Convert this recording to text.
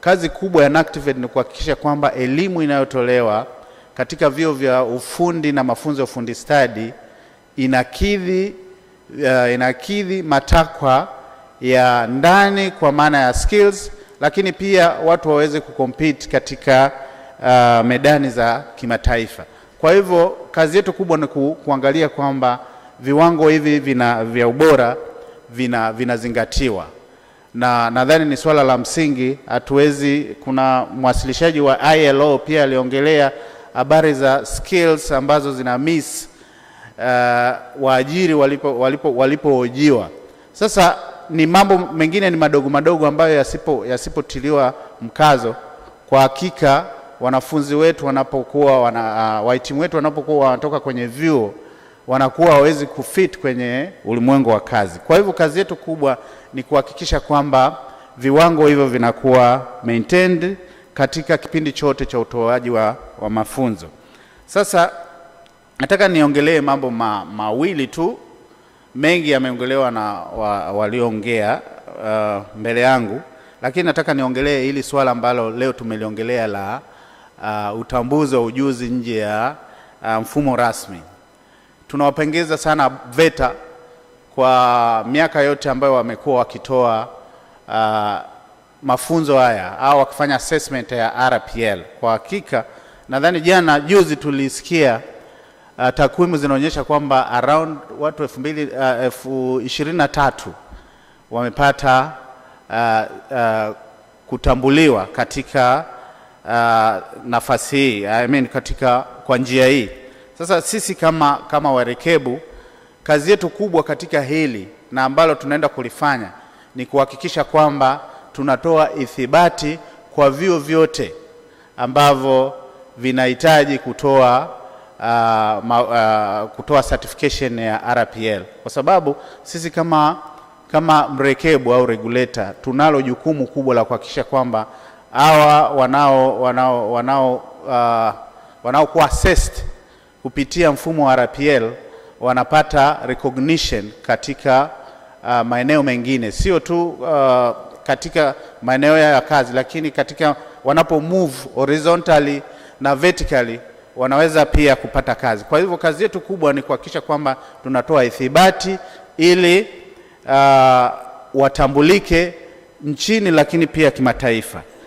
Kazi kubwa ya NACTIVATE ni kuhakikisha kwamba elimu inayotolewa katika vyuo vya ufundi na mafunzo ya ufundi stadi inakidhi, uh, inakidhi matakwa ya ndani kwa maana ya skills, lakini pia watu waweze kucompete katika uh, medani za kimataifa. Kwa hivyo kazi yetu kubwa ni ku, kuangalia kwamba viwango hivi vina, vya ubora vinazingatiwa vina na nadhani ni swala la msingi. Hatuwezi, kuna mwasilishaji wa ILO pia aliongelea habari za skills ambazo zina miss uh, waajiri walipohojiwa walipo, walipo sasa ni mambo mengine ni madogo madogo ambayo yasipotiliwa mkazo, kwa hakika wanafunzi wetu wanapokuwa wana, uh, wahitimu wetu wanapokuwa wanatoka kwenye vyuo wanakuwa hawezi kufit kwenye ulimwengu wa kazi. Kwa hivyo kazi yetu kubwa ni kuhakikisha kwamba viwango hivyo vinakuwa maintained katika kipindi chote cha utoaji wa, wa mafunzo. Sasa nataka niongelee mambo ma, mawili tu, mengi yameongelewa na wa, walioongea uh, mbele yangu, lakini nataka niongelee hili swala ambalo leo tumeliongelea la uh, utambuzi wa ujuzi nje ya uh, mfumo rasmi tunawapongeza sana VETA kwa miaka yote ambayo wamekuwa wakitoa uh, mafunzo haya au wakifanya assessment ya RPL. Kwa hakika nadhani jana juzi tulisikia uh, takwimu zinaonyesha kwamba around watu elfu mbili uh, elfu ishirini na tatu wamepata uh, uh, kutambuliwa katika uh, nafasi hii I mean, katika kwa njia hii. Sasa sisi kama, kama warekebu kazi yetu kubwa katika hili na ambalo tunaenda kulifanya ni kuhakikisha kwamba tunatoa ithibati kwa vyuo vyote ambavyo vinahitaji kutoa uh, ma, uh, kutoa certification ya RPL kwa sababu sisi kama, kama mrekebu au regulator tunalo jukumu kubwa la kuhakikisha kwamba hawa wanao wanao wanao uh, ah, wanaokuwa kuassess kupitia mfumo wa RPL wanapata recognition katika uh, maeneo mengine, sio tu uh, katika maeneo yao ya kazi, lakini katika wanapo move horizontally na vertically wanaweza pia kupata kazi. Kwa hivyo kazi yetu kubwa ni kuhakikisha kwamba tunatoa ithibati ili uh, watambulike nchini, lakini pia kimataifa.